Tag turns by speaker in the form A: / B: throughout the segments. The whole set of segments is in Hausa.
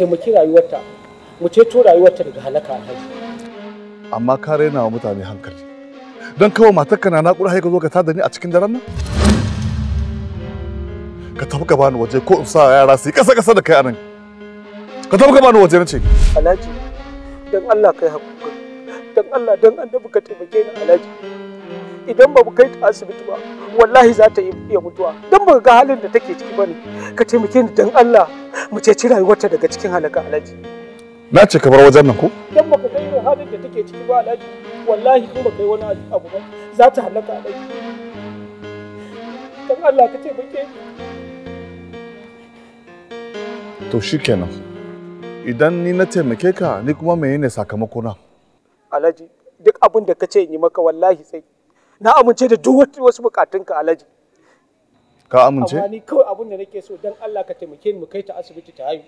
A: taimaki rayuwarta mu ceto rayuwarta daga halaka alhaji
B: amma ka raina wa mutane hankali don kawo matarka na naƙura haika zo ka tada ni a cikin daren nan ka tafi ka bani waje ko in sa yara su yi ƙasa ƙasa da kai anan ka tafi ka bani waje na ce
C: alhaji don Allah kai hakuri don Allah don annabi ka taimake ni alhaji idan ba mu kai ta asibiti ba wallahi za ta iya mutuwa don ba ga halin da take ciki ba ne ka taimake ni don Allah mu ceci rayuwarta daga cikin halaka alaji na ce ka bar wajen nan ko don ba ka kai halin da take ciki ba alaji wallahi ko ba kai wani abu ba za ta halaka alaji don Allah ka taimake
B: ni to shikenan idan ni na taimake ka ni kuma ne sakamakona
C: alhaji duk abin da ka ce yi maka wallahi sai na amince da duk wasu bukatun ka alhaji
B: ka amince amma ni
C: kawai abin da nake so dan Allah ka taimake ni mu kai ta asibiti ta hayu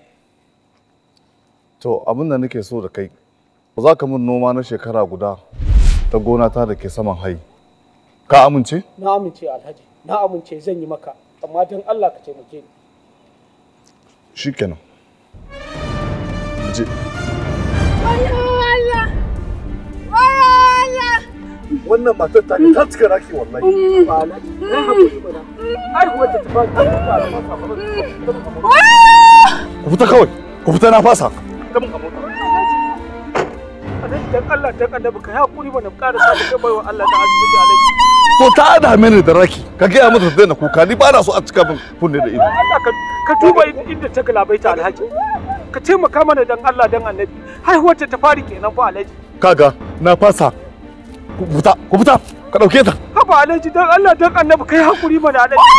B: to abin da nake so da kai za ka min noma na shekara guda ta gona ta da ke saman hayi ka amince
C: na amince alhaji na amince zan yi maka amma dan Allah ka taimake ni
B: shikenan je Ayya! wannan matar ta ta cika raki wallahi mm.
C: ba na ai ta ba ta mm.
B: ku fita kawai ku fita na fasa sa
C: ta to ta
B: ada mini da raki ka gaya mata ta daina kuka ni ba na so a cika min kunne da ido
C: Allah ka duba inda ta galabaita alhaji ka taimaka mana dan Allah dan annabi haihuwar ta ta fari kenan fa alhaji kaga na fasa fita ku fita ka dauke ta haba alhaji dan Allah dan annabi kai hakuri mana alhaji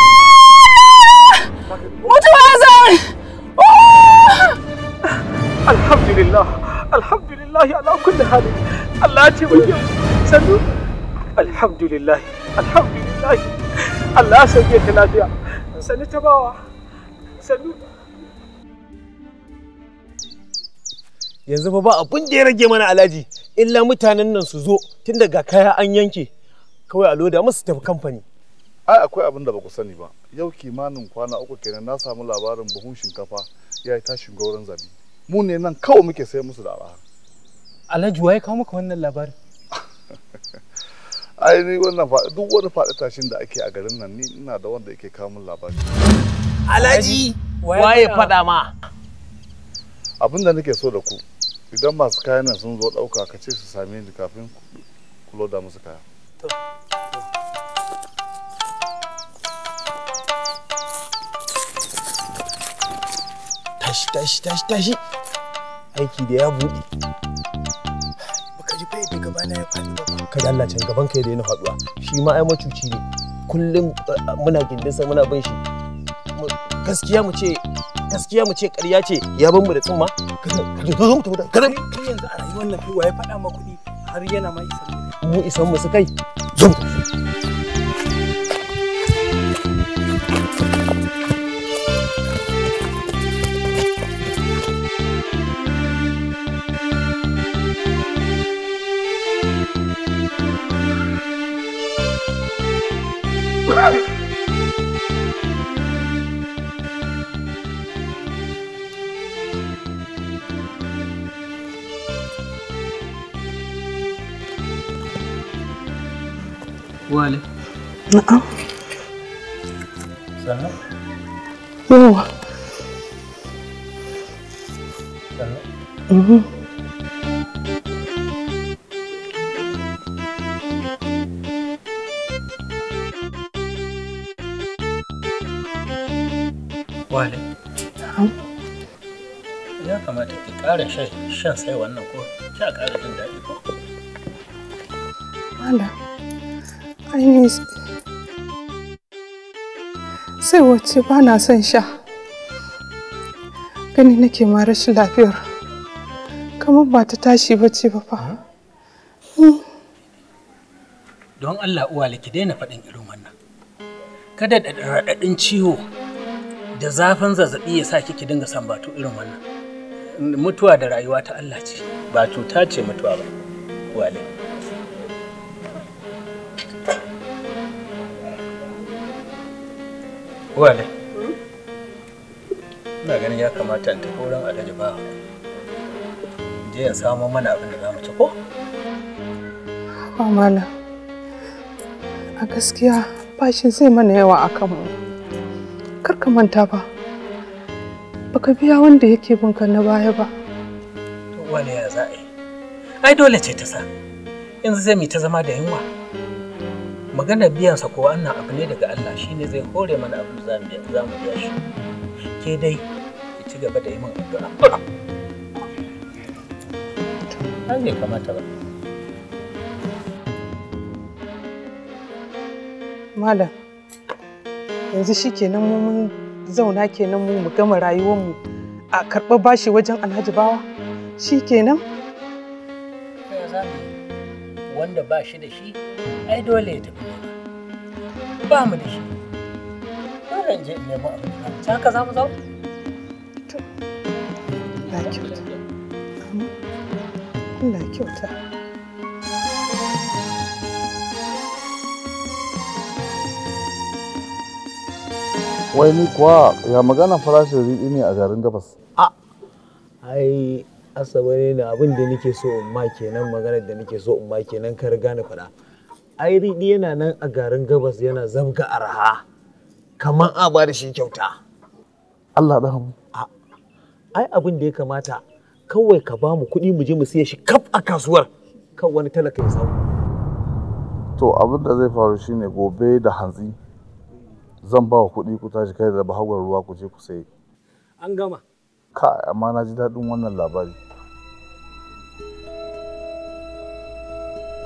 C: mutuwa alhamdulillah alhamdulillah ala kulli hali Allah ce mu sannu alhamdulillah alhamdulillah Allah ya sauke ta lafiya sannu tabawa sannu
D: yanzu fa ba abin da ya rage mana alaji illa mutanen nan su zo tun daga kaya an yanke kawai a loda musu tafi kamfani
B: ai akwai abin da ba ku sani ba yau kimanin kwana uku kenan na samu labarin buhun shinkafa ya yi tashin gauran zabi mu ne nan kawai muke sayar musu da araha alhaji waye kawo maka wannan labarin ai ni wannan duk wani faɗi tashin da ake a garin nan ni ina da wanda yake kawo min labari
D: alhaji waye faɗa ma
B: abin da nake so da ku idan masu kayan nan sun zo ɗauka ka ce su same ni kafin ku loda musu kaya
D: tashi tashi tashi tashi aiki da ya buɗe baka ji fayyade gaba na ya faɗi ba kada Allah can gaban ka ya daina faɗuwa shi ma ai macuci ne kullum muna gindin sa muna bin shi gaskiya mu ce gaskiya mu ce ƙarya ce ya ban mu da tsumma ka zo mu tafi kada yanzu a rayuwar nan kai waye faɗa ma kuɗi har yana ma isan mu isan mu su kai zo
E: shan sai wannan ko sha ƙara jin daɗi ko.
C: sai ba na son sha. Gani nake ma rashin lafiyar. Kamar ba ta tashi ba ce ba fa. Hmm.
E: Don Allah uwa ki daina faɗin irin wannan. Kada da raɗaɗin ciwo da zafin zazzaɓi ya sa kiki dinga sambatu irin wannan. mutuwa da rayuwa ta Allah ce ba cuta ce mutuwa ba wale wale ina ganin ya kamata in tafi wurin alhaji ba je in samo mana abin da za ci ko
C: oh, a gaskiya bashin zai mana yawa a kanmu kar ka manta ba baka biya wanda yake binka na baya ba
F: wani ya za a yi
C: ai dole
E: ce ta sa yanzu zai mi ta zama da yunwa magana biyansa ko wannan abu ne daga Allah shine zai hore mana abu za mu biya shi ke dai ki ci gaba da yi min addu'a ai bai kamata
F: ba
C: malam yanzu shikenan mu mun zauna kenan mu mu gama rayuwar mu a karɓar bashi wajen alhaji bawa shi kenan
E: wanda ba shi da shi ai dole ya tafi ba mu da shi dole je in nemo abin da ta ka za mu zo
F: Allah kyauta
C: Allah kyauta
B: wai ni kuwa ya magana farashin riɗi ne a garin gabas a
D: ai asabar ne da abin da nake so in ma kenan maganar da nake so in ma kenan ka riga na faɗa ai riɗi yana nan a garin gabas yana zabga arha kamar a ba da shi kyauta Allah da hamu ai abin da ya kamata kawai ka ba mu kuɗi mu je mu siya shi kaf a kasuwar kan wani talaka ya samu
B: to abin da zai faru shine gobe da hantsi zan ba wa kuɗi ku tashi kai da bahagwar ruwa ku je ku sayi an gama ka amma na ji daɗin wannan labari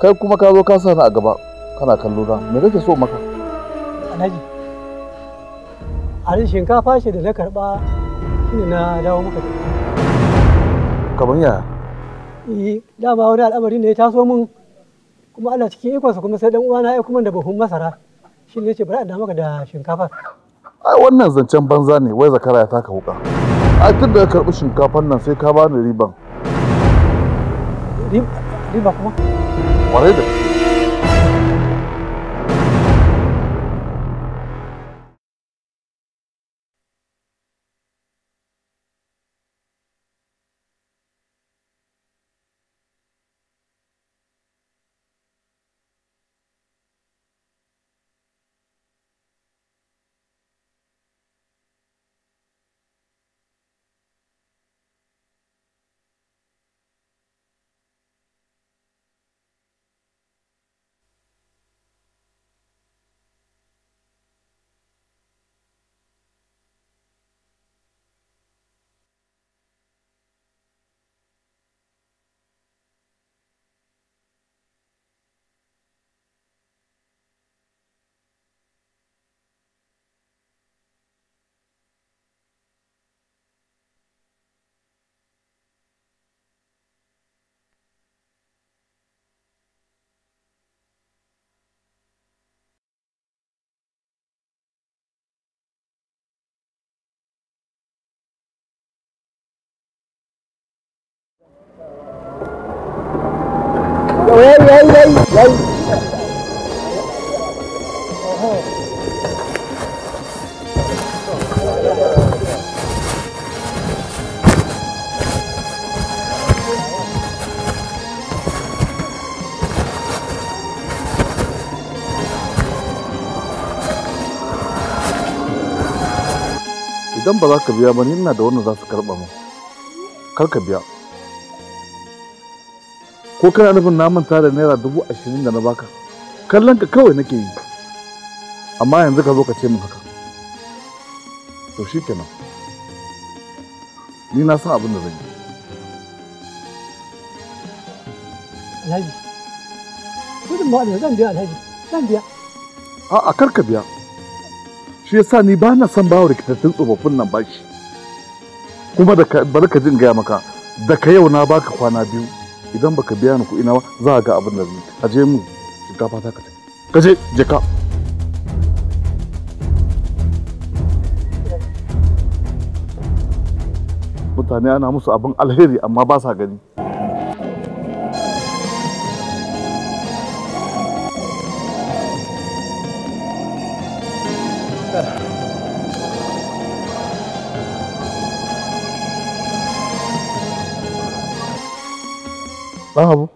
B: kai kuma ka zo ka sa a gaba kana kallo na me kake so maka
E: alhaji alhaji shinkafa ce da na karɓa shine na dawo maka da kamar yaya eh dama wani al'amari
G: ne ya taso mun? kuma Allah cikin ikonsa kuma sai dan uwana ya kuma da buhun masara shi ne ce bari a dawo maka da shinkafa
B: ai wannan zancen banza ne wai zakara ya taka wuka ai tun da ka karɓi shinkafan nan sai ka bani riban
C: riba kuma
F: da ay ay ay.
B: Idan ba za ka biya ba ni ina da wannan za su karɓa mu. Kar ka biya. ko kana nufin na manta da naira dubu ashirin da na baka kallon ka kawai nake yi amma yanzu ka zo ka ce min haka to shi kenan ni na san abin da zan yi
D: alhaji gudun ba zan biya alhaji zan biya
B: a'a kar ka biya shi yasa ni ba na son bawa rikitattun tsofaffin nan bashi kuma da ka bari ka jin gaya maka da ka yau na baka kwana biyu idan baka biya ni kuɗi na ba za ga abin da zai ka je mu shinkafa ta ka ka je je ka mutane ana musu abin alheri amma ba sa gani Yeah. dan abu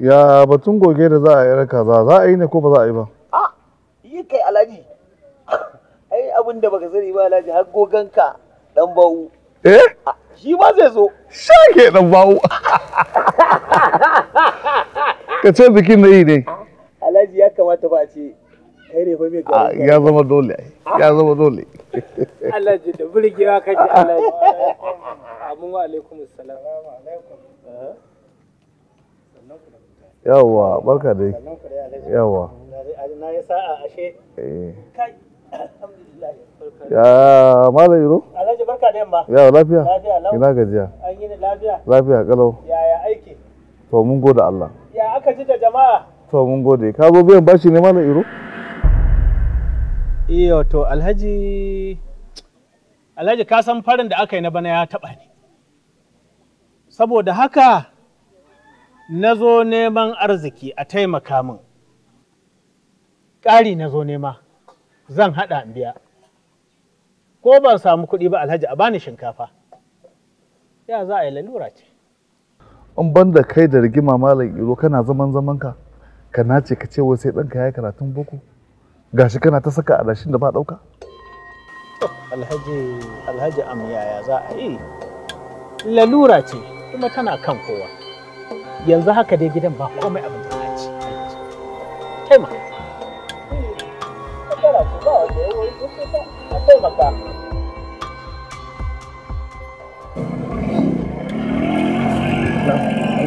B: ya batun goge da za a yi raka za a yi ne ko ba za a yi ba
D: a yi kai alhaji ai abin da baka sani ba alaji har ka dan bawu eh shi ma zai zo shage dan bawu ka ce bikin na yi ne Alaji ya kamata ba a ce kai ne fa mai gari
B: ya zama dole ya zama dole
D: Alaji da
E: burgewa kaji alaji. amin wa alaikumus salam
B: yawwa barka da yawwa
E: na yi sa'a ashe eh. kai ya mala yiro alhaji barka da yamma yawa lafiya ina gajiya an yi lafiya lafiya kalau yaya aiki
B: to mun gode Allah
E: ya aka ji da jama'a
B: to mun gode ka zo biyan bashi ne mala yiro
E: iyo to alhaji alhaji ka san farin da aka yi na bana ya taba ne saboda haka na zo neman arziki a taimaka min ƙari na zo nema zan haɗa in biya ko ban samu kuɗi ba alhaji a bani shinkafa ya za a yi lalura ce
B: in ban da kai da rigima malam iro kana zaman zamanka ka nace ka ce wai sai ɗanka ya yi karatun boko gashi kana ta saka adashin da ba ɗauka
E: alhaji alhaji am yaya za a yi lalura ce kuma tana kan kowa yanzu haka dai gidan ba komai abin da ci taimaka
D: taimaka wannan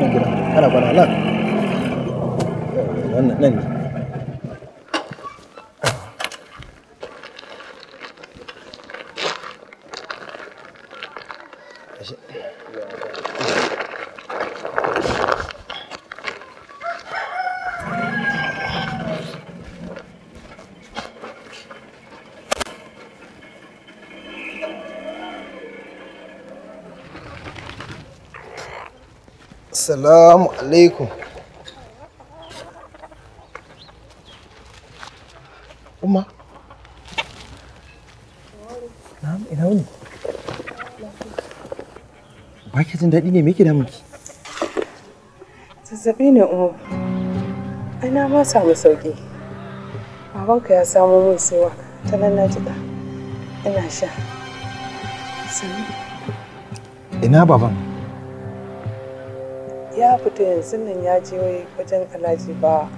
G: gidan ana kwana nan nan ne Assalamu alaikum. Umma. Na'am, ina wuni? Ba ki jin daɗi ne me yake da miki?
C: Zazzaɓi ne Umma. Ai na ma samu sauƙi.
H: Babanka ya samo min sewa ta nan na jiɗa. Ina sha. Sannu. Ina baban? fita yanzu nan ya je wajen alhaji ba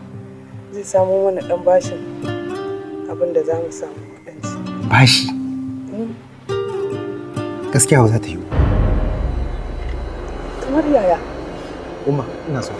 H: zai samu mana dan bashin abin da za mu samu kudin
G: ci. Bashi? Hmm. Gaskiya ba za ta yi. Kamar yaya? Umma, ina so.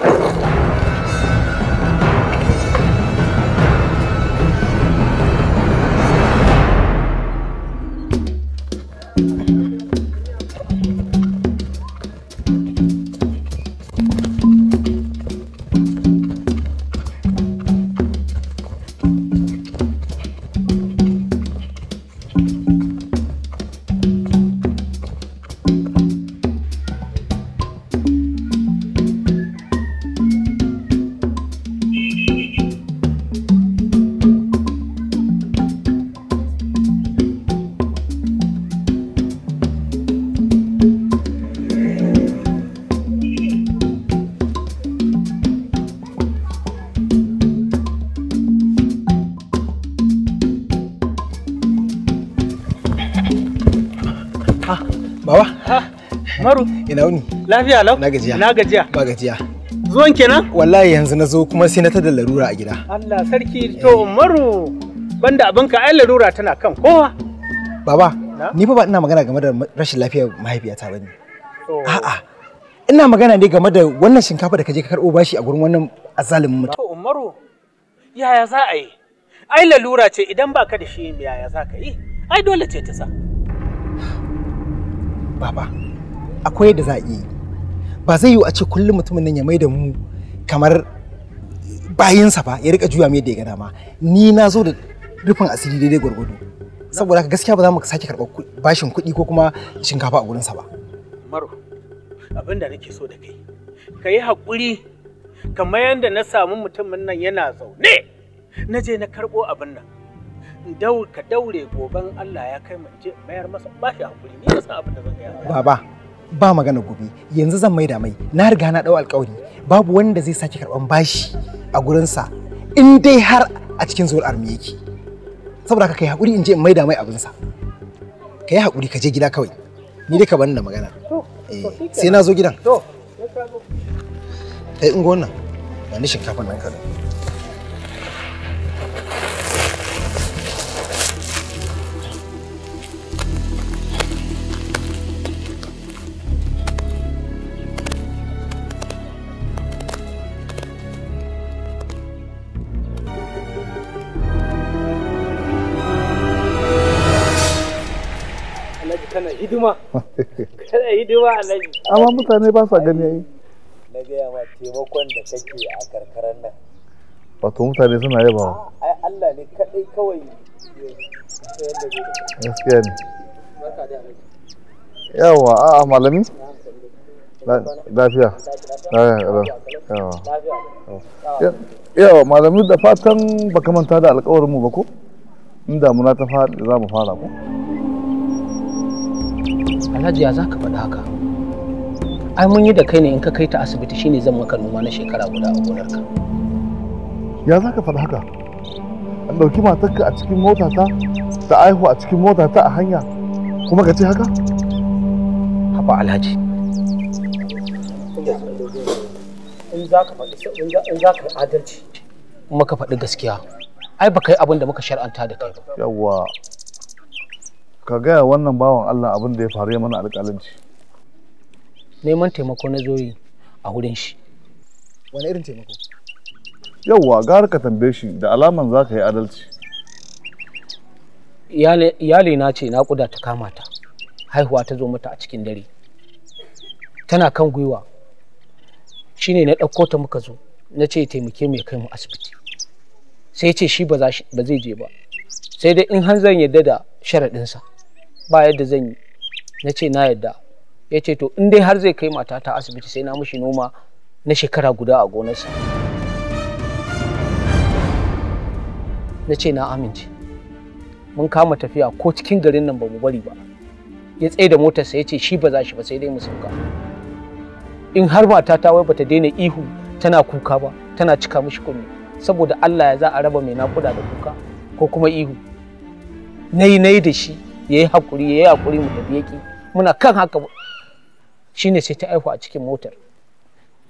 G: ina wuni lafiya lau na gajiya na gajiya ba gajiya zuwan kenan wallahi yanzu na zo kuma sai na ta da larura a gida
E: Allah sarki to Umaru banda abinka ai larura tana kan kowa
G: baba ni fa ba ina magana game da rashin lafiyar mahaifiyata bane a'a ina magana ne game da wannan shinkafa da kaje ka karbo bashi a gurin wannan azalimin mutum
E: to Umaru yaya za a yi ai lalura ce idan baka da shi yaya za ka yi ai dole ce ta sa
G: baba akwai da za a yi ba zai yiwu a ce kullum mutumin nan ya mai da mu kamar bayinsa ba ya rika juya mai da ya gada ma ni na zo da rufin asiri daidai gwargwado saboda ka gaskiya ba za mu sake karɓar bashin kuɗi ko kuma shinkafa a gurinsa ba
E: maro abin da nake so da kai ka yi haƙuri kamar yadda na samu mutumin nan yana zaune na je na karɓo abin nan ka daure goben Allah ya kai mu je mayar masa bashi haƙuri
G: ni na san abin da zan gaya baba ba magana gobe yanzu zan maida mai na riga na dau alkawari babu wanda zai sake karban bashi a gurinsa in dai har a cikin zuwar armi yake saboda ka kai hakuri in je in maida mai abinsa ka yi hakuri ka je gida kawai ni dai ka bani da magana
F: eh, sai na zo gidan
G: kai in wannan ba ni shinkafa nan ka
D: hidima kada hidima a nan
B: amma mutane ba sa gani yayi
D: na gaya ma taimakon da kake a karkaran nan
B: wato mutane suna yaba ah,
D: ai Allah ne kadai kawai
B: gaskiya ne yawa a a malami lafiya yawa malami da fatan baka manta da
A: mu ba ko in damuna ta fara za mu fara ko alhaji ya za ka faɗi haka ai mun yi da kai ne in ka kai ta asibiti shine zan maka noma na shekara guda a gonarka ya za ka faɗi haka
B: an ɗauki matarka a cikin mota ta ta aihu a cikin mota ta a hanya kuma ka ce haka
A: haba alhaji in za ka faɗi adalci ka faɗi gaskiya ai ba kai abin da muka shar'anta da kai ba yawwa ka gaya wannan bawan Allah
B: abin da ya faru ya mana alƙalanci
A: neman taimako na zoyi a wurin shi wani irin taimako
B: yauwa ka tambaye shi da alaman za ka yi adalci
A: iyali na ce na kuda ta kama ta haihuwa ta zo mata a cikin dare tana kan gwiwa Shi ne na ɗauko ta muka zo na ce taimake mai kai mu asibiti sai ce shi ba zai je ba sai dai in hanzar yadda da sharaɗinsa ba yadda zan yi na ce na yadda ya ce to in dai har zai kai matata asibiti sai na mushi noma na shekara guda a gonarsa na ce na amince mun kama tafiya ko cikin garin nan ba mu bari ba ya tsaye da motarsa ya ce shi ba za shi ba sai dai mu sauka in har matata wai bata daina ihu tana kuka ba tana cika mushi kunni saboda Allah ya za a raba mai nakuda da kuka ko kuma ihu na yi da shi yayi hakuri yayi hakuri mu tafi yake muna kan haka shine sai ta aihu a cikin motar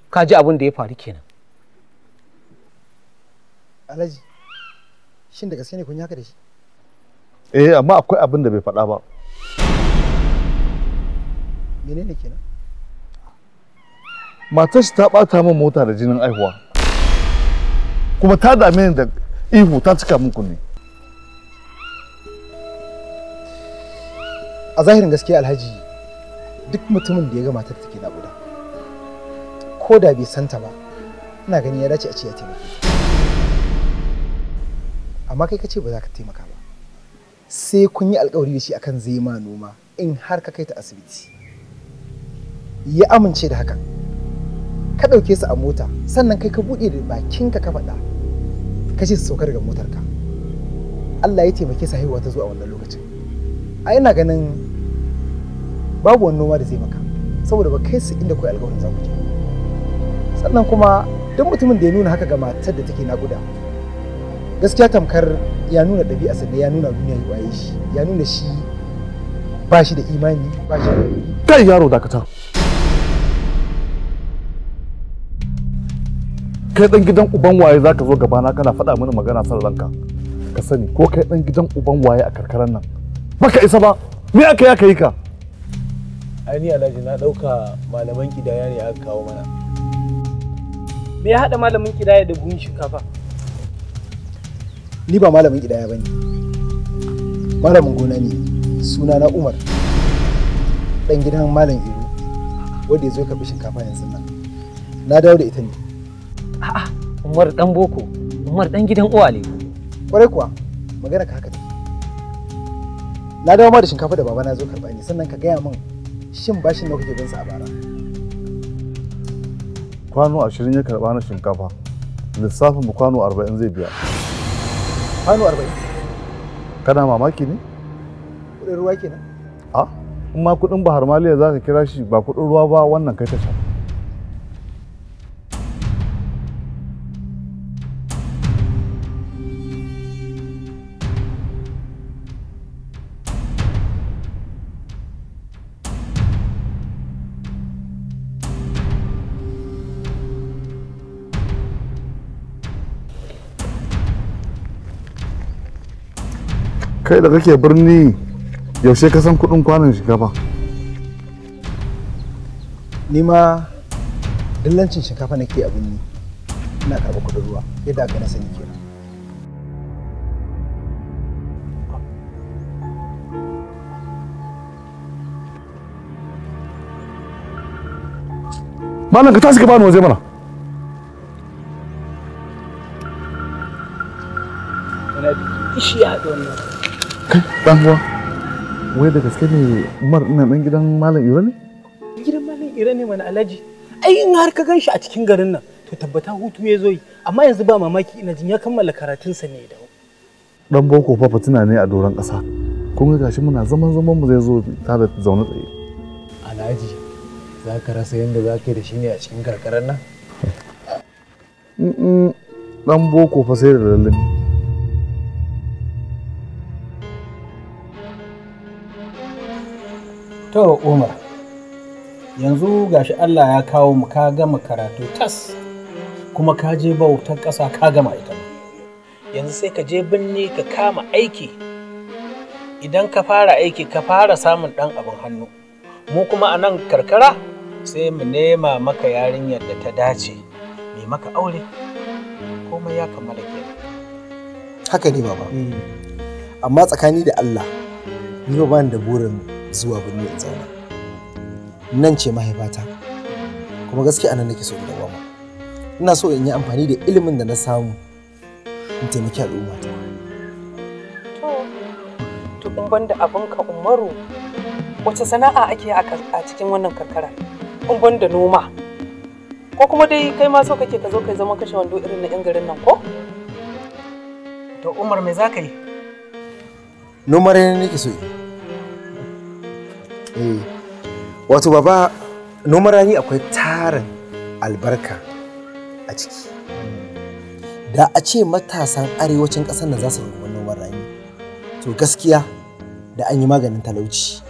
A: ka ji abin da ya faru kenan alhaji
G: shin da gaske ne kun yi haka da shi
B: eh amma akwai abin da bai faɗa ba menene kenan matar ta ɓata min mota da jinin aihuwa kuma ta dame ni da ihu ta cika min
G: kunne a zahirin gaskiya alhaji duk mutumin da ya ga matar take guda ko da bai santa ba ina gani ya dace a ce ya taimaka amma kai ka ce ba za ka taimaka ba sai kun yi alkawari da shi akan zai ma noma in har ka kai ta asibiti ya amince da haka ka ɗauke su a mota sannan kai ka buɗe da bakinka ka faɗa ka ce su sauka daga motarka Allah ya taimake sahiwa ta zo a wannan lokacin a ina ganin babu wani noma da zai maka saboda ba kai su inda kai alƙawarin za ku je sannan kuma duk mutumin da ya nuna haka ga matar da take naƙuda gaskiya tamkar ya nuna ɗabi'a sannan ya nuna duniya waye shi ya nuna shi ba shi da imani ba shi da
B: kai yaro dakatar kai dan gidan uban waye zaka zo gabana kana faɗa mini magana san ranka ka sani ko kai dan gidan uban waye a karkaran nan baka isa ba me aka yi aka yi ka
D: ni alhaji na ɗauka malaman kidaya ne aka kawo mana
E: me ya haɗa malamin kidaya da buhun shinkafa
D: ni
G: ba malamin kidaya ba ne malamin gona ne suna na umar ɗan gidan malam iro wanda ya zo karɓi shinkafa yanzu nan na dawo da ita ne a'a umar ɗan boko umar ɗan gidan uwale kwarai kuwa magana ka haka na dawo ma da shinkafa da baba na zo karba ne sannan ka gaya min shin bashin nawa kuke bin sa a bara
B: kwano ashirin ya karba na shinkafa lissafin mu kwano arba'in zai biya kwano arba'in kana mamaki ne
G: kudin ruwa kenan
B: a ah, in ma kuɗin bahar maliya za ka kira shi ba kuɗin ruwa ba wannan kai ta sha kai da kake birni yaushe ka san kudin kwanan shinkafa
G: ni ma dillancin shinkafa nake a birni ina karɓar kudin ruwa yadda aka na sani kenan
B: malam ka tashi ka bani waje mana
D: Ishiya don nan.
B: Kai ɗan uwa. Wai da gaske ne Umar ina dan gidan Malam Iro ne?
D: Gidan Malam Iro ne mana Alhaji. Ai in har ka ganshi a cikin
E: garin nan to tabbata hutu ya zo yi amma yanzu ba mamaki ina jin ya kammala karatunsa ne da
B: dan boko fa fitina ne a doron ƙasa kun ga gashi muna zaman zaman mu zai zo ta da zaune tsaye
G: alhaji za ka rasa yadda za ka yi da shi ne a cikin karkarar nan?
B: Dan boko fa sai da lallami.
E: To Umar, yanzu ga shi Allah ya kawo mu ka gama karatu tas kuma ka je bautar ƙasa ka gama ita Yanzu sai ka je binne ka kama aiki. Idan ka fara aiki ka fara samun ɗan abin hannu. Mu kuma a nan karkara sai mu nema maka yarinyar da ta dace mai maka aure komai ya kammala ke.
G: Haka ne baba. Hmm. Amma tsakani da Allah, ni ba da burin mu. zuwa birni in zauna nan ce mahaifata kuma gaskiya anan nake so da dawama ina so in yi amfani da ilimin da na samu in taimaki al'ummata
C: to to ban da abin ka umaru wace sana'a ake a cikin wannan karkara in ban da noma ko kuma dai kai ma so kake ka zo kai zama kashe wando irin na 'yan garin nan ko
E: to umar me za ka yi
G: nomar ne nake so yi Eh. wato baba noman rani akwai tarin albarka a ciki da a ce matasan arewacin ƙasar nan za su rungumi noman rani to gaskiya da an yi maganin talauci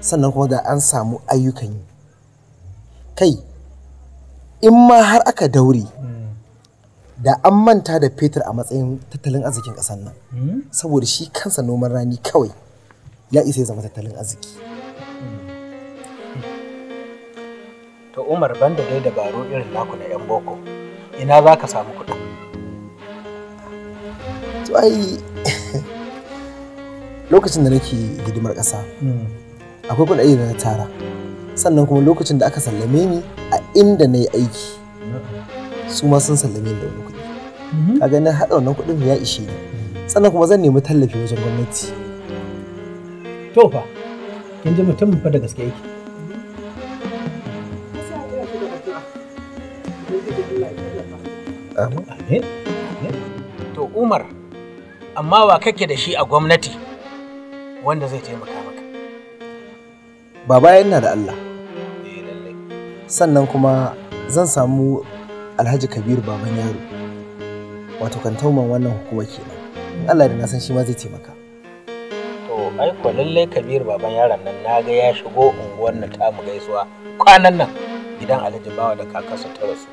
G: sannan kuma da an samu ayyukan yi kai in ma har aka daure da an manta da fetur a matsayin tattalin arzikin ƙasar nan hmm? saboda shi kansa noman rani kawai ya isa ya zama tattalin arziki
E: To Umar banda dai dabaru irin naku na 'yan boko, ina za ka samu kuɗi?
G: To ai lokacin da nake hidimar ƙasa, hmm. akwai kuɗaɗe da na tara. Sannan kuma lokacin da aka sallame ni a inda na yi aiki, su ma sun sallame ni da wani kuɗi. Hmm. Kaga na haɗa wannan kuɗin ya ishe ni. Sannan kuma zan nemi tallafi wajen gwamnati. To fa, kin ji mutum fa da gaske yake.
E: To Umar, amma wa kake da shi a gwamnati wanda zai taimaka maka?
G: Baba yana da Allah. Sannan kuma zan samu Alhaji Kabiru baban yaro. Wato kan tauman wannan hukuma kenan. Allah da na san shi ma zai taimaka.
E: To ai ko lallai Kabiru baban yaron nan na ga ya shigo unguwar na tamu gaisuwa kwanan nan gidan Alhaji Bawa da kakarsa ta rasu.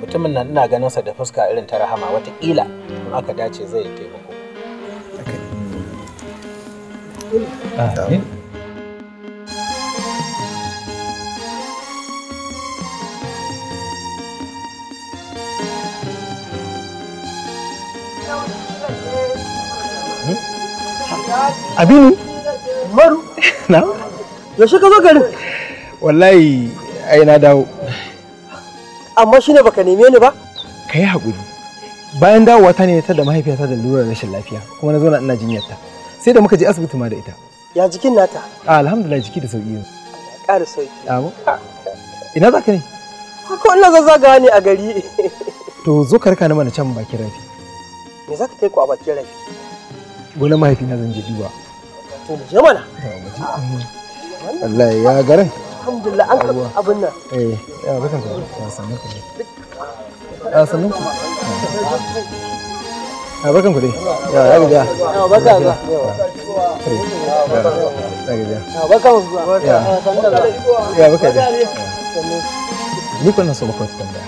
E: mutumin nan ina ganin sa da fuska irin ta rahama watakila in aka dace zai taimako
F: Abinu?
G: Maru? Na? Yaushe ka zo garin? Wallahi ai na dawo. amma shine baka neme ni ba kai hakuri bayan dawowa ta ne ta da mahaifiyata da lura rashin lafiya kuma na zauna ina jinyarta sai da muka je asibiti ma da ita ya jikin nata alhamdulillah jiki da sauki yanzu ƙara sauki amma ina za ka ne haka
D: ina zazzagawa ne a gari
G: to zo ka rika ni mana can bakin rafi
D: me za ka kai ku a bakin rafi
G: gonar mahaifina zan je duba to mu je mana Allah ya garan
D: alhamdulillah an kafa abin nan
G: eh ya bakan ku
F: sannan ku a sannan ku Ya bakan ku dai ya ya ga ya baka ga ya baka ya ya baka da
G: ni kuna so baka tambaya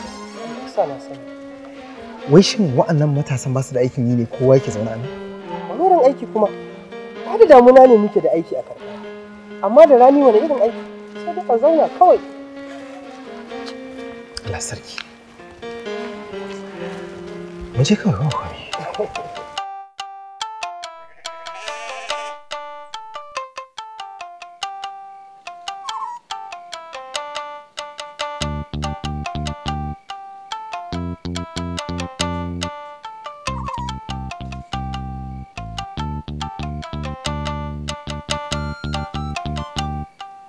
G: sana sana wai shin wa'annan matasan ba su da aikin yi ne kowa yake zaune a nan? Wani aiki kuma, ba da damuna ne muke da aiki a karkara, amma da rani wani irin aiki ka zauna kawai Allah sarki mu je kawai ba komai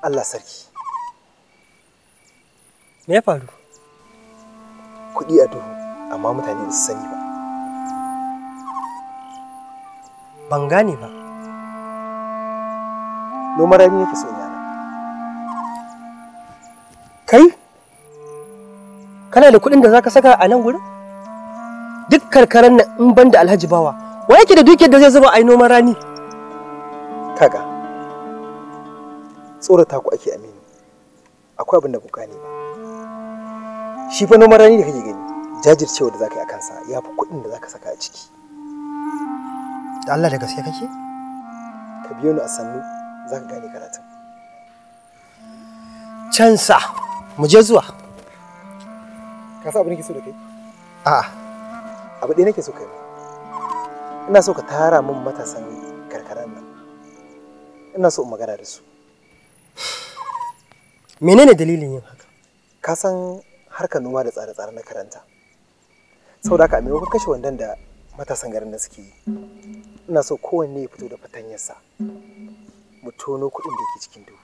G: Allah sarki. me ya faru kuɗi a duhu amma mutane ba su sani ba ban gane ba noman rani yake so yana kai kana da kuɗin da zaka saka a nan gurin duk karkaran nan in ban da alhaji bawa wa yake da dukiyar da zai zuba a yi noman rani kaga tsorata ku ake amini akwai abin da ku gane ba shi fa noman rani da kake gani jajircewa da zaka yi a kansa ya fi kuɗin da zaka saka a ciki da Allah da gaske kake ka biyo ni a sannu zaka gane karatun sa. mu je zuwa ka sa abin nake so da kai a'a abu ɗaya nake so kai ina so ka tara min matasan karkaran nan ina so in magana da su menene dalilin yin haka ka san harkar noma da tsare-tsare na karanta sau da a maimakon kashe wandon da matasan garin da suke yi ina so kowanne ya fito da fatanyarsa mu tono kuɗin da ke cikin duhu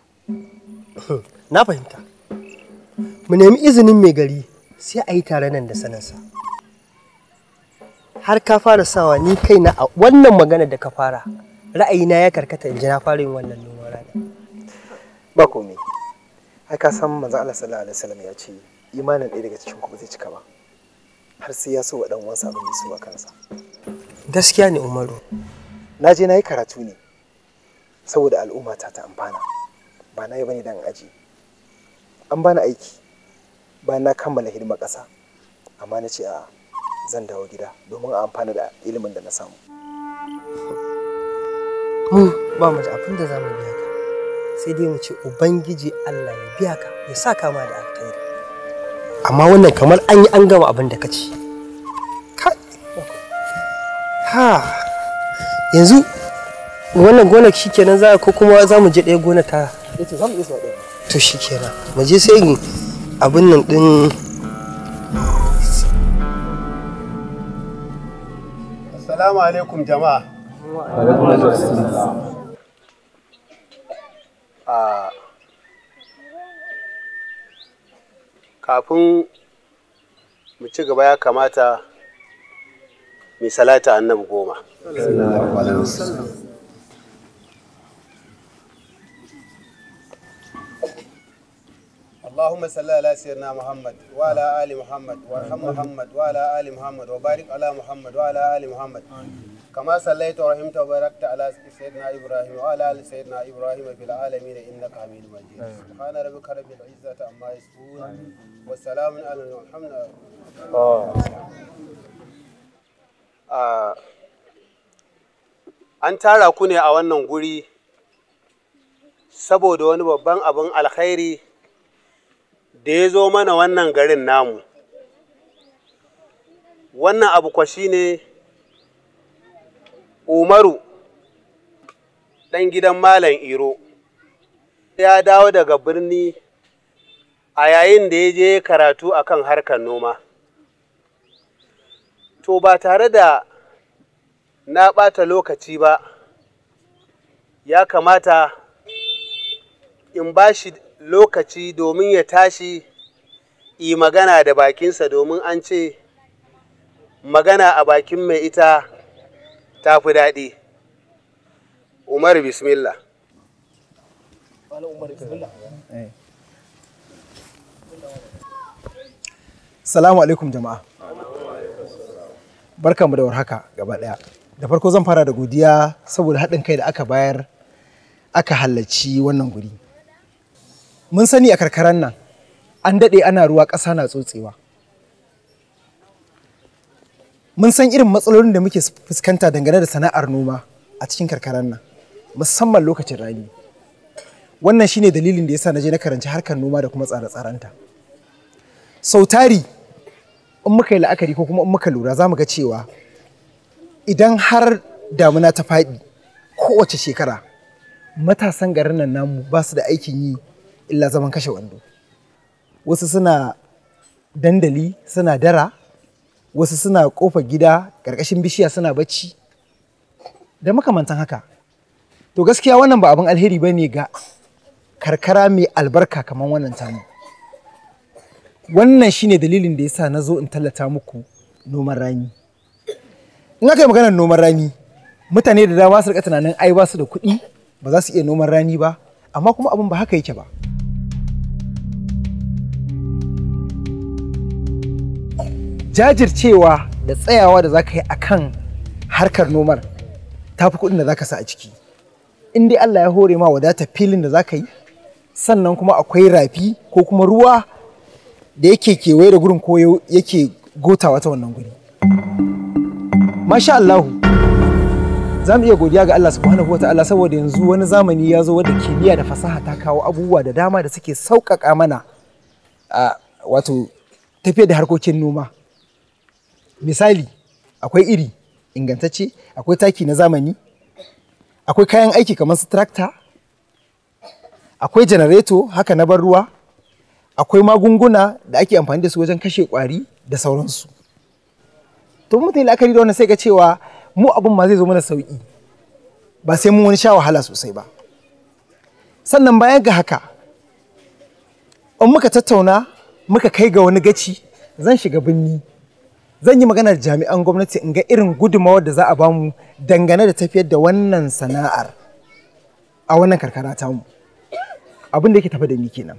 G: na fahimta mu nemi izinin mai gari sai a yi tare nan da sanansa har ka fara sawa ni kaina a wannan maganar da ka fara ra'ayina ya karkata in ji na fara yin wannan noma, rana ba komai ai ka san manzo Allah sallallahu alaihi wasallam ya ce imanin ɗaya daga cikin kuma zai cika ba har sai ya so wa ɗan uwansa abin da so a kansa gaskiya ne umaru na je na yi karatu ne saboda al'umma ta ta amfana ba na yi bane dan aji an bani aiki ba na kammala hidimar ƙasa amma na ce a zan dawo gida domin a amfana da ilimin da na samu mu ba mu da abin da za mu biya ka sai dai mu ce ubangiji allah ya biya ka ya sa kama da alkhairi amma wannan kamar an yi an gama abin da ka ha yanzu wannan gonar shi kenan za ko kuma za mu je ɗaya gona ta eh, to shi kenan mu je sai abin nan ɗin
I: assalamu alaikum jama'a alaikum assalam ah, kafin mu ci gaba ya kamata mai salata annabi goma اللهم صل على سيدنا محمد وعلى ال محمد وارحم محمد وعلى ال محمد وبارك على محمد وعلى ال محمد كما صليت ورحمت وباركت على سيدنا ابراهيم وعلى ال سيدنا ابراهيم في العالمين انك حميد مجيد سبحان ربك رب العزه عما يصفون an tara ku ne a wannan guri saboda wani babban abin alkhairi da ya zo mana wannan garin namu wannan abu kwa ne umaru ɗan gidan malam iro ya dawo daga birni a yayin da ya je karatu a kan harkar noma to ba tare da na ɓata lokaci ba ya kamata in ba shi lokaci domin ya tashi yi magana da bakinsa domin an ce magana a bakin mai ita ta fi daɗi umar bismillah
G: Salamu alaikum jama'a. Barkanmu da warhaka gaba ɗaya. Da farko zan fara da godiya saboda haɗin kai da aka bayar aka halarci wannan guri. Mun sani a karkaran nan an daɗe ana ruwa ƙasa na tsotsewa. Mun san irin matsalolin da muke fuskanta dangane da sana'ar noma a cikin karkaran nan musamman lokacin rani. Wannan shine dalilin da yasa na je na karanci harkar noma da kuma tsare-tsarenta. Sautari so, in muka yi la'akari ko kuma in muka lura za mu ga cewa idan har damuna ta faɗi kowace shekara matasan garin nan namu ba su da aikin yi illa zaman kashe wando wasu suna dandali suna dara wasu suna kofa gida ƙarƙashin bishiya suna bacci da makamantan haka to gaskiya wannan ba abin alheri ba ne ga karkara mai albarka kamar wannan tamu wannan shine dalilin da yasa na zo in tallata muku noman rani in aka yi maganar noman rani mutane da dama su rika tunanin ai ba su da kuɗi ba za su iya noman rani ba amma kuma abin ba haka yake ba jajircewa da tsayawa da zaka yi akan harkar nomar ta fi kuɗin da zaka sa a ciki in dai Allah ya hore ma wadata filin da za ka yi sannan kuma akwai rafi ko kuma ruwa da yake kewaye da gurin koyo yake gotawa ta wannan guri masha Allahu za mu iya godiya ga Allah subhanahu wa ta'ala saboda yanzu wani zamani ya zo wadda kimiyya da fasaha ta kawo abubuwa da dama da suke sauƙaƙa mana a wato tafiye da harkokin noma misali akwai iri ingantacce akwai taki na zamani akwai kayan aiki kamar su tractor akwai janareto haka na ban ruwa akwai magunguna da ake amfani da su wajen kashe kwari da sauransu to mutum la'akari da wannan sai ga cewa mu abin ma zai zo mana sauki ba sai mun wani sha wahala sosai ba sannan bayan ga haka in muka tattauna muka kai ga wani gaci zan shiga birni zan yi magana da jami'an gwamnati in ga irin gudunmawar da za a bamu dangane da tafiyar da wannan sana'ar a wannan karkara ta mu. abin da yake tafi da ni kenan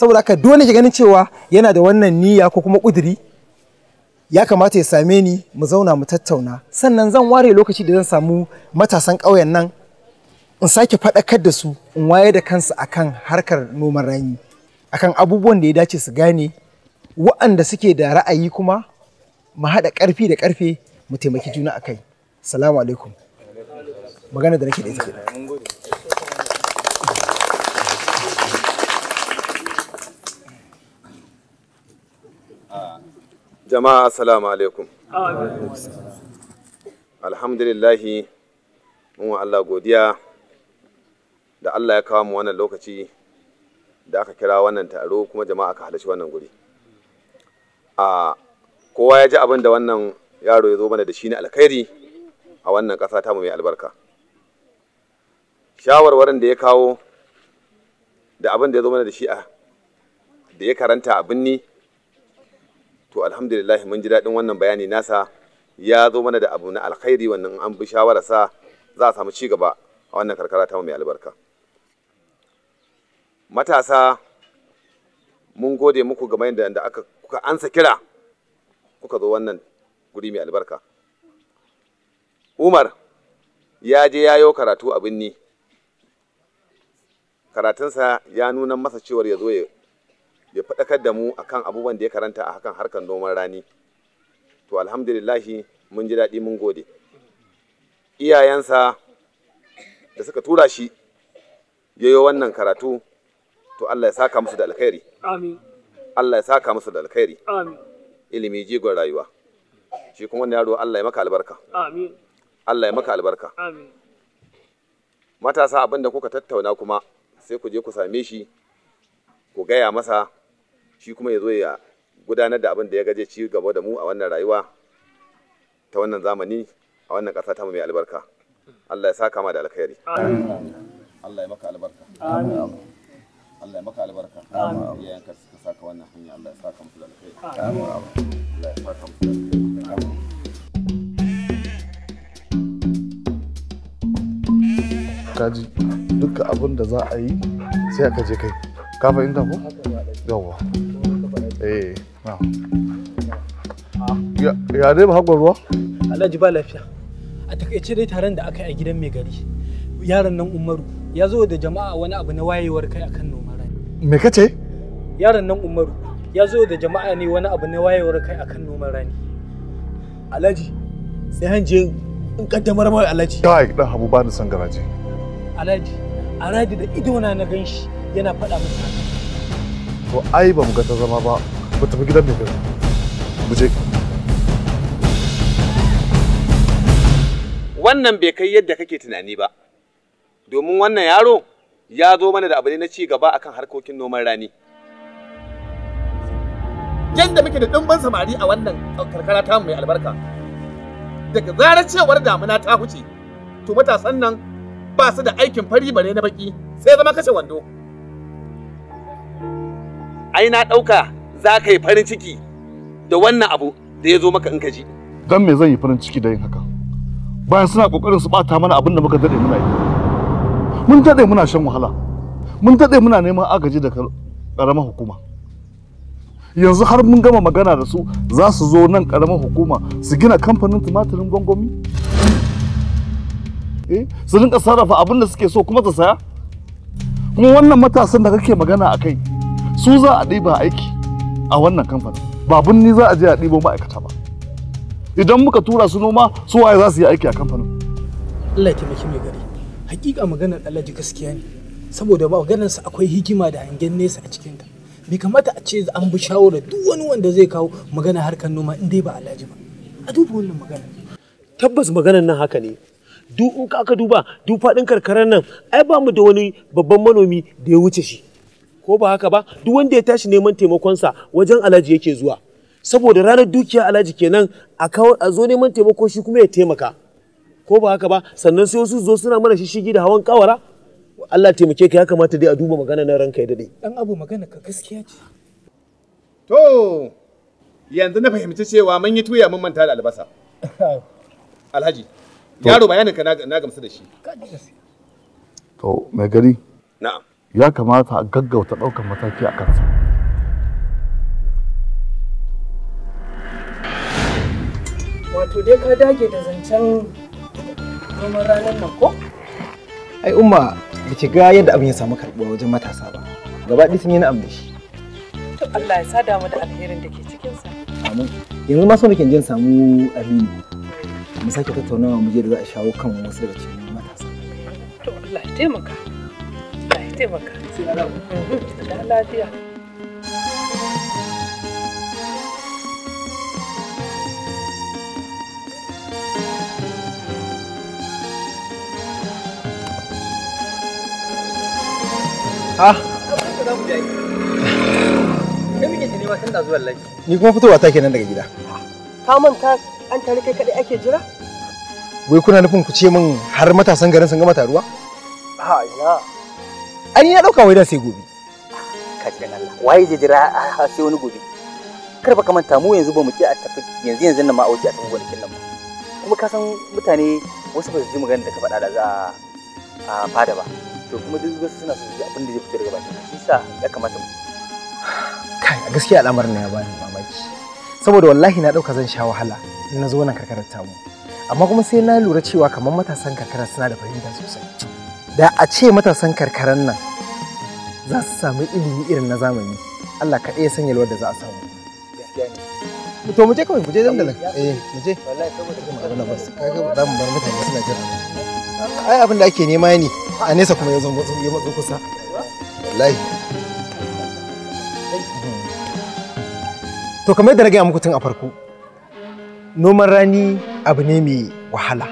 G: saboda haka dole ki ganin cewa yana da wannan niyya ko kuma kuduri ya kamata ya same ni mu zauna mu tattauna sannan zan ware lokaci da zan samu matasan ƙauyen nan in sake faɗakar da su in waye da kansu akan harkar noman rani akan abubuwan da ya dace su gane wa'anda suke da ra'ayi kuma mu haɗa ƙarfi da ƙarfe mu taimaki juna akai salamu alaikum magana da nake da ita
J: jama'a assalamu alaikum alhamdulillahi mun wa Allah godiya da Allah ya kawo mu wannan lokaci da aka kira wannan taro kuma jama'a ka halarci wannan guri a kowa ya ji abin da wannan yaro ya zo mana da shi ne alkhairi a wannan ƙasa ta mu mai albarka shawarwarin da ya kawo da abin da ya zo mana da shi a da ya karanta a binni to alhamdulillah mun ji daɗin wannan bayani nasa ya zo mana da abu na alkhairi wannan an bi shawararsa za a samu cigaba a wannan karkara ta mai albarka matasa mun gode muku game da aka kuka ansa kira kuka zo wannan guri mai albarka umar ya je yayo karatu a binni karatunsa ya nuna masa cewar ya zo ya ya faɗakar da mu a kan abubuwan da ya karanta a hakan harkar noman rani to alhamdulillahi mun ji daɗi mun gode iyayensa da suka tura shi ya yi wannan karatu to Allah ya saka musu da alkhairi amin Allah ya saka musu da alkhairi amin ilimi jigon rayuwa shi kuma wannan yaro Allah ya maka albarka amin Allah ya maka albarka amin matasa abinda kuka tattauna kuma sai ku je ku same shi ku gaya masa shi kuma ya zo ya gudanar da abin da ya gaje ci gaba da mu a wannan rayuwa ta wannan zamani a wannan ƙasa ta mai albarka Allah ya sa kama da alkhairi Allah ya maka albarka Allah ya maka albarka iyayen yanka suka saka wannan hanya Allah ya sa kama da alkhairi
B: Allah ya saka musu da alkhairi kaji duka abin da za a yi sai ka je kai ka fahimta ko yawwa eh ya dai ba haƙon ruwa
D: alhaji ba lafiya a takaice dai taron da aka yi a gidan mai gari yaron nan umaru ya zo da jama'a wani abu na wayewar kai akan noman
B: rani me kace
D: yaron nan umaru ya zo da jama'a ne wani abu na wayewar kai akan noman rani alhaji sai je in kaddamar mai alhaji kai dan habu ba ni san garaje alhaji alhaji da idona na ganshi
E: yana faɗa masa
B: to ai ba mu ga ta zama ba ku tafi gidan mai gari mu je
J: wannan bai kai yadda kake tunani ba domin wannan yaro ya zo mana da abu ne na ci gaba akan harkokin noman rani yadda muke da ɗimban samari a wannan karkara ta mai albarka daga zarar cewar damuna ta huce to matasan nan ba su da aikin fari bare na baki sai zama kashe wando ai na ɗauka za ka yi farin ciki da wannan abu da ya zo maka in ka ji.
B: Don me zan yi farin ciki da yin haka? Bayan suna ƙoƙarin su bata mana abin da muka daɗe muna yi. Mun daɗe muna shan wahala. Mun daɗe muna neman agaji da ƙaramar hukuma. Yanzu har mun gama magana da su za su zo nan ƙaramar hukuma su gina kamfanin tumatirin gwangwami. Eh, su rinka sarrafa abin da suke so kuma su saya. Kuma wannan matasan da kake magana a kai. su za a ɗiba aiki a wannan kamfanin ba birni za a je a ɗibo ma'aikata ba idan muka tura su noma su waye za su yi aiki a kamfanin
E: Allah ya taimaki mai gari hakika maganar Alhaji gaskiya ne saboda ba ganin sa akwai hikima da hangen nesa a cikinta bai kamata a ce an bi shawara duk wani wanda zai kawo magana harkar noma in dai ba Alhaji ba
D: a duba wannan magana tabbas maganar nan haka ne duk in ka aka duba duk faɗin karkarar nan ai ba mu da wani babban manomi da ya wuce shi ko ba haka ba duk wanda ya tashi neman taimakonsa wajen alhaji yake zuwa saboda ranar dukiya alhaji kenan a zo neman taimako shi kuma ya taimaka ko ba haka ba sannan sai wasu zo suna mana shishigi da hawan kawara Allah taimake ka ya kamata dai a duba magana na ranka ya dai
E: dan abu magana ka gaskiya ce
J: to yanzu na fahimci cewa mun yi tuya mun manta da albasa alhaji yaro bayanin ka na gamsu da shi
B: to mai gari na'am ya kamata a gaggauta ɗaukar mataki a kansa
E: wato dai ka dage da zancen noman ranar nan ko
G: ai umma ba ki ga yadda abin ya samu karɓuwa wajen matasa ba gaba ɗaya sun yi na'am da shi
E: Allah ya sada mu da alherin da ke cikinsa
G: amin yanzu ma so nake jin samu abin mu sake tattaunawa mu je da za a shawo kan wasu daga cikin matasa
C: to Allah ya taimaka taimaka. lafiya.
E: Ah.
G: Ni kuma fitowa ta kenan daga gida. Ka manta an tare kai kadai ake jira? Wai kuna nufin ku ce min har matasan garin sun gama taruwa? Ha ina. an yi na ɗauka wai da sai gobe ka ji Allah waye zai jira sai wani gobe kar ba ka manta mu yanzu ba mu ki a tafi yanzu yanzu nan ma auki a tafi gonakin nan ba
D: kuma ka san mutane wasu ba su ji magana da ka faɗa da za a fada ba to kuma duk wasu suna su ji abin da zai fito daga bakin shi sa ya kamata mu
G: kai gaskiya al'amarin na ya bani mamaki saboda wallahi na ɗauka zan sha wahala in na zo nan karkarar tamu amma kuma sai na lura cewa kamar matasan karkara suna da fahimta sosai da a ce matasan karkaran nan za su samu ilimi irin na zamani Allah kaɗai ya sanya da za a samu to mu je kawai mu je dan dandalin eh mu je wallahi saboda ba su za mu bar mutane suna jira ai abin da ake nema ne a nesa kuma ya zango ya matso kusa wallahi to kamar da na gaya muku tun a farko noman rani abu ne mai wahala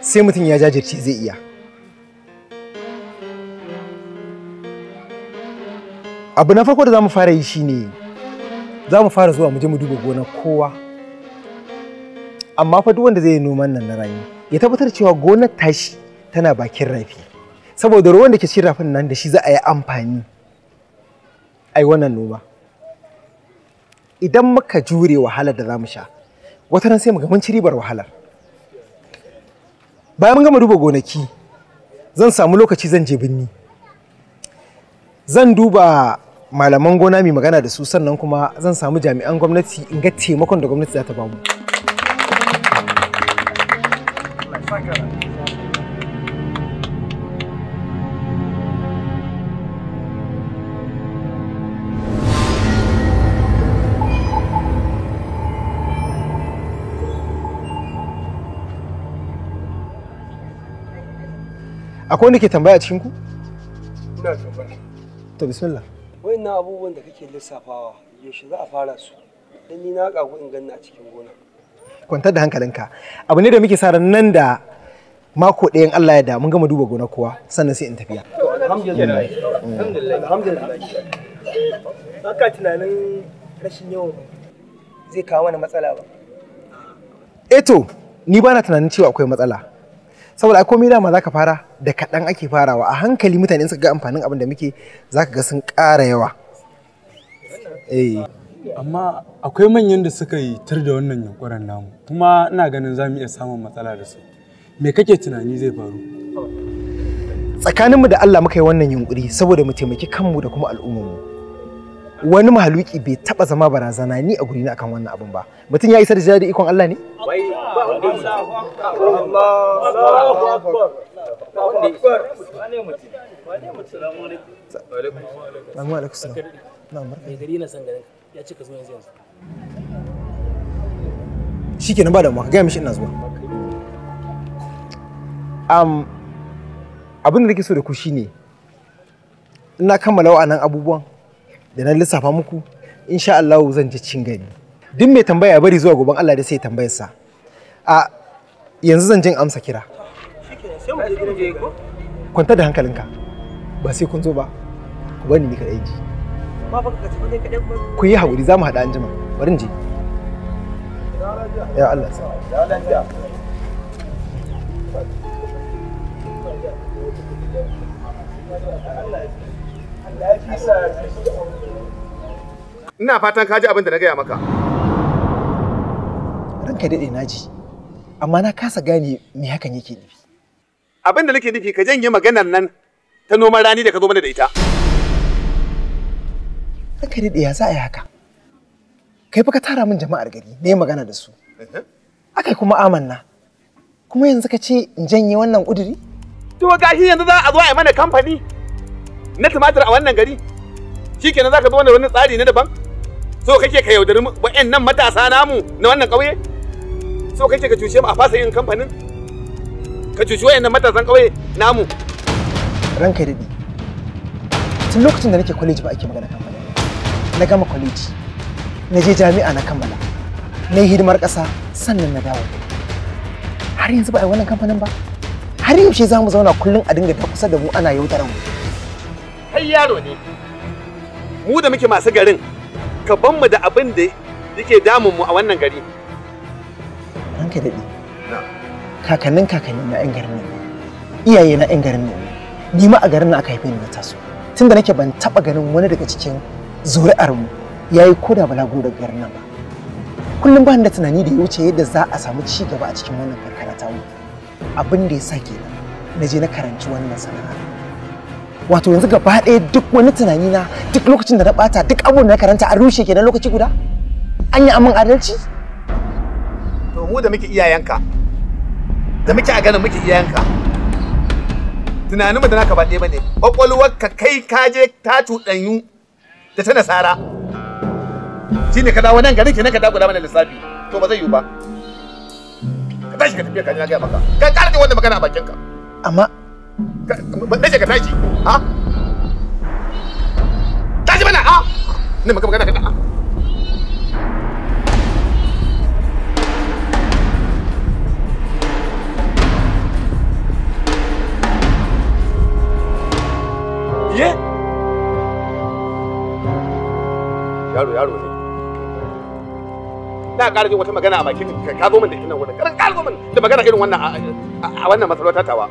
G: sai mutum ya jajirce zai iya abu na farko da za mu fara yi shine za mu fara zuwa mu je mu duba gona kowa amma fa duk wanda zai yi noman nan na rani ya tabbatar cewa gonar tashi tana bakin rafi saboda ruwan da ke cikin rafin nan da shi za a yi amfani a yi wannan noma idan muka jure wahalar da za mu sha wata nan sai mu ga mun ci ribar wahalar bayan mun gama duba gonaki zan samu lokaci zan je birni, zan duba malaman gona mai magana da su sannan kuma zan samu jami'an gwamnati in ga taimakon da gwamnati za ta bamu. Akwai wani ke tambaya a cikinku? Ina tambaya. To bismillah.
D: na abubuwan da kake lissafawa yaushe za a fara su dan ni na kago in ganna a cikin gona
G: kwantar da hankalinka abu ne da muke sa nan da mako ɗayan Allah ya da mun gama duba gona kowa sannan sai in tafiya
D: alhamdulillah alhamdulillah tunanin rashin yawan
G: zai kawo mana matsala ba eto eh ni ba na tunanin cewa akwai matsala saboda a komai dama zaka fara da kaɗan ake farawa a hankali mutane suka ga amfanin abin da muke za ka ga sun ƙara yawa eh. amma akwai manyan da suka yi tar da wannan yankuran namu
D: kuma ina ganin za mu iya samun matsala da su
G: me kake tunani zai faru tsakaninmu da Allah muka yi wannan yunkuri saboda mu taimaki kanmu da kuma al'ummarmu wani mahaluki bai taba zama barazana ni a na akan wannan abun ba mutum ya isa da jari ikon Allah ne shi ke ba da mu gaya mishi ina zuwa abin da nake so da ku shine ina kammala wa'annan abubuwan da na lissafa muku insha Allah zan ji cin gani duk mai tambaya bari zuwa goban Allah da sai tambayar sa a yanzu zan jin amsa kira kwanta da hankalinka ba sai kun zo ba ku bani ni kadai ji ku yi haƙuri za mu haɗa anjima bari in je
I: ya Allah sa Allah
F: ya fi sa
J: ina fatan ka ji abin da na gaya
G: maka ranka daɗe na ji amma na kasa gane me hakan yake nufi
J: abin da nake nufi ka janye maganar nan ta noman rani da ka zo mana da ita
G: ranka daɗe ya za a yi haka kai fa ka tara min jama'ar gari ne magana da su akai kuma amanna kuma yanzu ka ce in janye wannan ƙuduri
J: to gashi yanzu za a zo a yi mana kamfani na tumatir a wannan gari shikenan za ka zo wani tsari na daban so kake ka yaudari wa'annan matasa namu na wannan ƙauye so kake ka cuce mu a fasa yin kamfanin ka cuci wa'annan matasan ƙauye namu
G: ranka daɗi tun lokacin da nake kwaleji ba ake magana kamfanin na gama kwaleji na je jami'a na kammala na yi hidimar ƙasa sannan na dawo har yanzu ba a yi wannan kamfanin ba har yaushe za mu zauna kullum a dinga ta kusa da mu ana yaudarar mu
J: kai yaro ne mu da muke masu garin ka ban mu da abin da yake damun mu a wannan gari
D: an ka daɗi
G: kakannin kakanni na 'yan garin nan iyaye na 'yan garin nan ni ma a garin nan aka haife ni na taso tunda nake ban taɓa ganin wani daga cikin zuri'ar mu ko da balago daga garin nan ba kullum ba da tunani da ya wuce yadda za a samu ci gaba a cikin wannan karkara ta abin da ya sa kenan na je na karanci wannan sana'a wato yanzu gaba ɗaya duk wani tunani na duk lokacin da na bata duk abubuwan da na karanta an rushe kenan lokaci guda an yi amin adalci
J: to mu da muke iyayenka da muke a ganin muke iyayenka tunanin mu da naka ba ɗaya bane ka kai ka je ta cuɗanyu da ta nasara ne ka dawo nan garin kenan ka dawo da mana lissafi to ba zai yiwu ba ka tashi ka tafi ka ji na gaya maka ka ƙara da wanda magana a bakinka amma Nace ka tashi. Ha? Tashi mana ha? Ne maka magana kaɗa.
B: Ye? Yaro yaro ne.
J: Na ƙara jin wata magana a bakin ka zo min da ita nan wurin. Ka zo min da magana irin wannan a wannan matsalolin tawa.